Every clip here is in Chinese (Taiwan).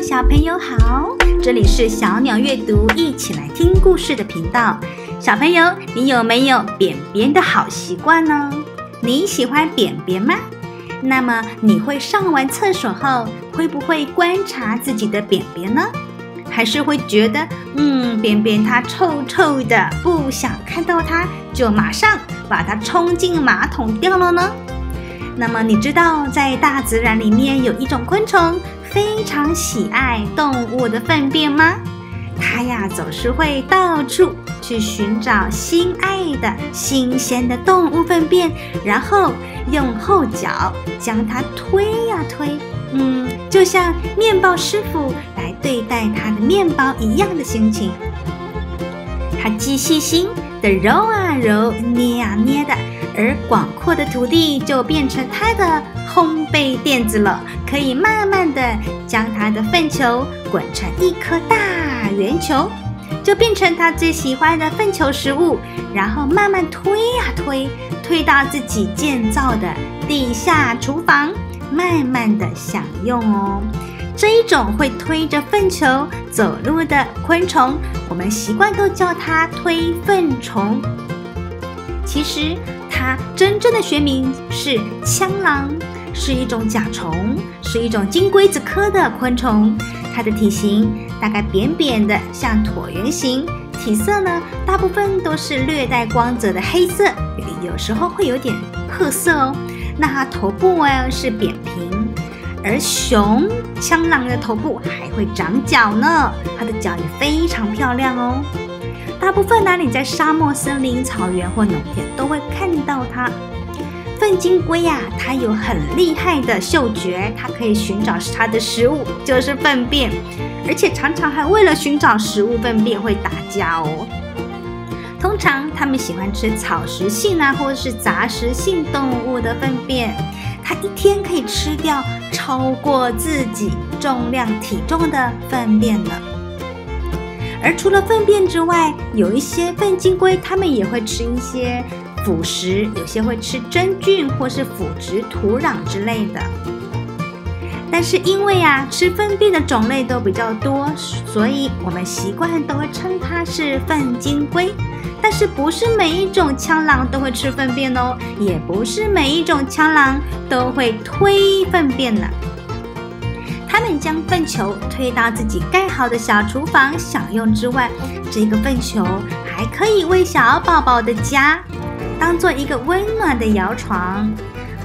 小朋友好，這裡是小鳥閱讀，一起來聽故事的頻道。小朋友，你有沒有便便的好習慣呢？你喜歡便便嗎？那麼你會上完廁所後，會不會觀察自己的便便呢？還是會覺得，嗯，便便它臭臭的，不想看到它，就馬上把它沖進馬桶掉了呢？那麼你知道，在大自然裡面有一種昆蟲，非常喜愛動物的糞便嗎？他呀，總是會到處去尋找心愛的新鮮的動物糞便，然後用後腳將它推呀推，嗯，就像麵包師傅來對待他的麵包一樣的心情。他極細心的揉啊揉，捏啊捏的，而廣闊的土地就變成他的。烘焙墊子了，可以慢慢的將它的糞球滾成一顆大圓球，就變成它最喜歡的糞球食物，然後慢慢推呀推，推到自己建造的地下廚房，慢慢的享用哦。這一種會推着糞球走路的昆蟲，我們習慣都叫它推糞蟲，其實它真正的學名是蜣螂。是一種甲蟲，是一種金龜子科的昆蟲。它的體型大概扁扁的，像橢圓形。體色呢，大部分都是略帶光澤的黑色，有時候會有點褐色哦。那它頭部呢，是扁平，而雄蜣螂的頭部還會長角呢。它的角也非常漂亮哦。大部分呢，你在沙漠、森林、草原或農田都會看到它。糞金龜呀、啊，它有很厲害的嗅覺，它可以尋找它的食物，就是糞便，而且常常還為了尋找食物糞便會打架哦。通常它們喜歡吃草食性啊或者是雜食性動物的糞便，它一天可以吃掉超過自己重量體重的糞便呢。而除了糞便之外，有一些糞金龜它們也會吃一些。腐食，有些會吃真菌或是腐殖土壤之類的，但是因為呀、啊、吃糞便的種類都比較多，所以我們習慣都會稱它是糞金龜。但是不是每一種蜣螂都會吃糞便哦，也不是每一種蜣螂都會推糞便呢。它們將糞球推到自己蓋好的小廚房享用之外，這個糞球還可以餵小寶寶的家。當做一個溫暖的搖床，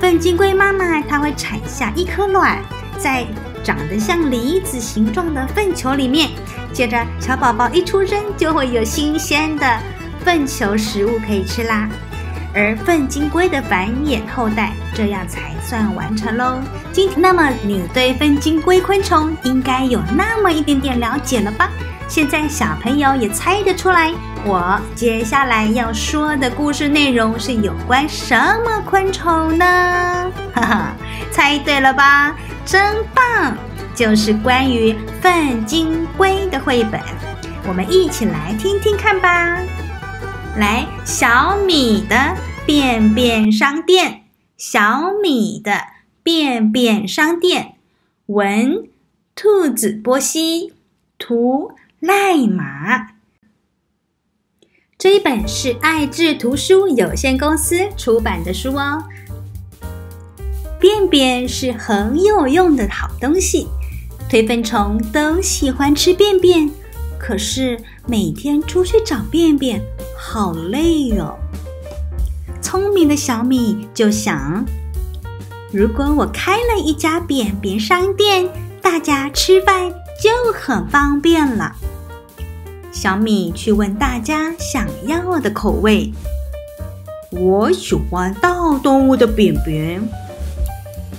糞金龜媽媽她會產下一顆卵，在長得像梨子形狀的糞球裡面。接着，小寶寶一出生就會有新鮮的糞球食物可以吃啦。而糞金龜的繁衍後代，這樣才算完成嘍。今天那麼，你對糞金龜昆蟲應該有那麼一點點了解了吧？現在小朋友也猜得出來。我接下來要說的故事內容是有關什麼昆蟲呢？哈哈，猜對了吧？真棒！就是關於糞金龜的繪本，我們一起來聽聽看吧。來，小米的便便商店，小米的便便商店，文兔子波西，圖賴馬。這一本是愛智圖書有限公司出版的書哦。便便是很有用的好東西，推糞蟲都喜歡吃便便，可是每天出去找便便好累哦。聰明的小米就想，如果我開了一家便便商店，大家吃飯就很方便了。小米去問大家想要的口味。我喜歡大動物的便便。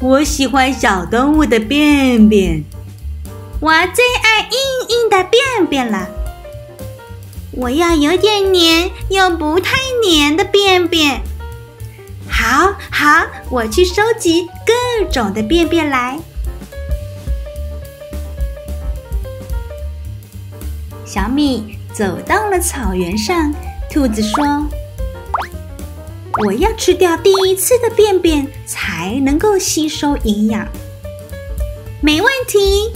我喜歡小動物的便便。我最愛硬硬的便便了。我要有點黏又不太黏的便便。好好，我去收集各種的便便來。小米走到了草原上，兔子說：“我要吃掉第一次的便便，才能夠吸收營養。沒問題，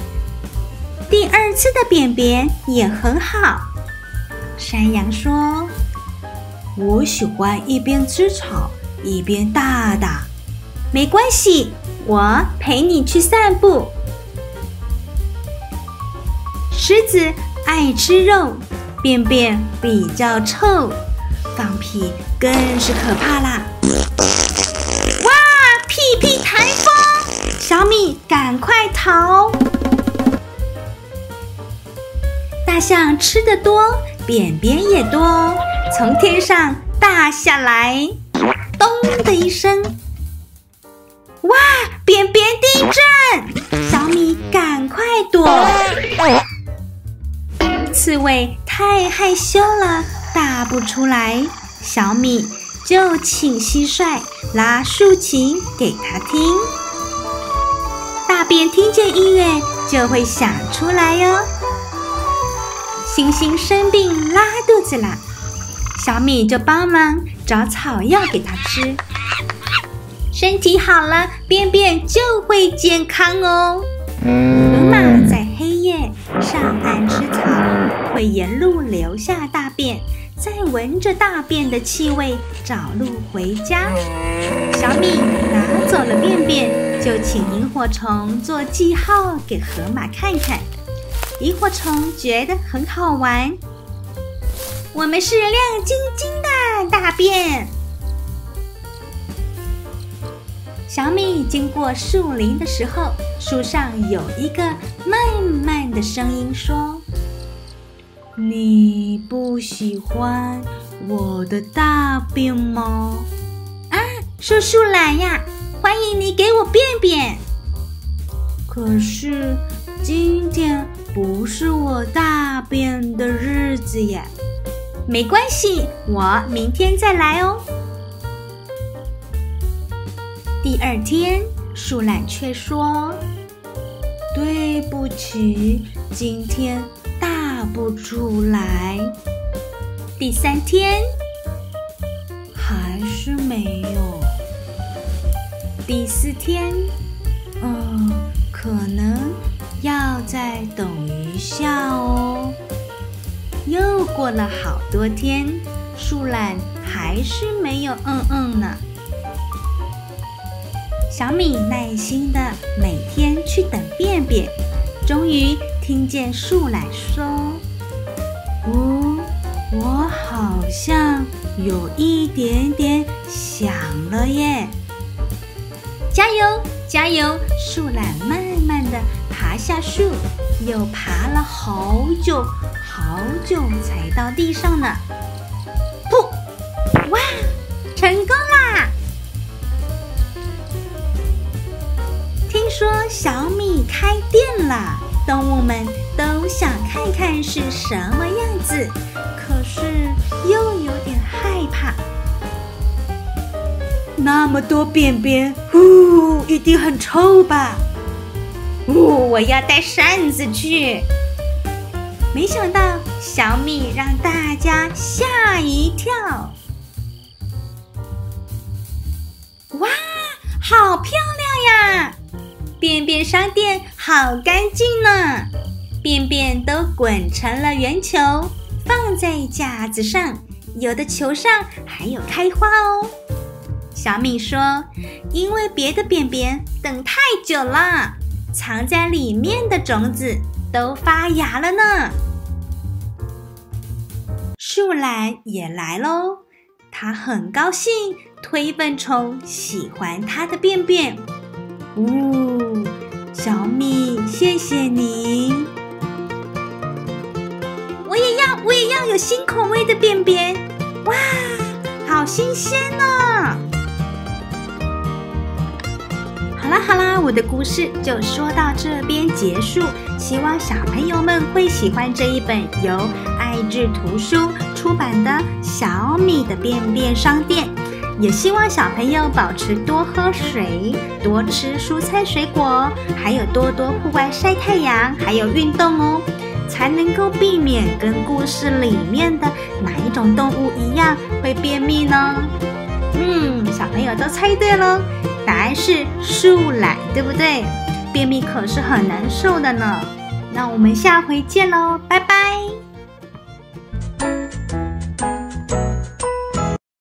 第二次的便便也很好。”山羊說：“我喜歡一邊吃草，一邊大大。沒關係，我陪你去散步。”獅子。愛吃肉，便便比較臭，放屁更是可怕啦！哇，屁屁台風，小米趕快逃！大象吃得多，便便也多，從天上大下來，咚的一聲！哇，便便地震，小米趕快躲！刺蝟太害羞了，大不出來。小米就請蟋蟀拉豎琴給他聽，大便聽見音樂就會想出來喲、哦。猩猩生病拉肚子了，小米就幫忙找草藥給他吃，身體好了，便便就會健康哦。河、嗯、馬在黑夜上岸吃草。會沿路留下大便，再聞着大便的氣味找路回家。小米拿走了便便，就請螢火蟲做記號給河馬看看。螢火蟲覺得很好玩，我們是亮晶晶的大便。小米經過樹林的時候，樹上有一個懶懶的聲音說。你不喜歡我的大便嗎？啊，是樹懶呀，歡迎你給我便便。可是今天不是我大便的日子呀，沒關係，我明天再來哦。第二天，樹懶卻說：“對不起，今天。”拉不出來。第三天還是沒有。第四天，嗯，可能要再等一下哦。又過了好多天，樹懶還是沒有嗯嗯呢。小米耐心的每天去等便便，終於。聽見樹懶說：“哦，我好像有一點點想了耶！加油，加油！”樹懶慢慢的爬下樹，又爬了好久好久才到地上呢。噗！哇，成功啦！聽說小米開店啦！動物們都想看看是什麼樣子，可是又有點害怕。那麼多便便，呼、哦，一定很臭吧？哦，我要帶扇子去。沒想到小米讓大家嚇一跳。哇，好漂亮呀！便便商店好乾淨呢，便便都滾成了圓球，放在架子上，有的球上還有開花哦。小米說：“因為別的便便等太久了，藏在裡面的種子都發芽了呢。”樹懶也來嘍，它很高興，推糞蟲喜歡它的便便。嗚、哦，小米，謝謝你！我也要，我也要有新口味的便便。哇，好新鮮呢、啊！好啦，好啦，我的故事就說到這邊結束。希望小朋友們會喜歡這一本由愛智圖書出版的《小米的便便商店》。也希望小朋友保持多喝水、多吃蔬菜水果，還有多多戶外曬太陽，還有運動哦，才能夠避免跟故事裡面的哪一種動物一樣會便秘呢？嗯，小朋友都猜對了，答案是樹懶，對不對？便秘可是很難受的呢。那我們下回見嘍，拜拜。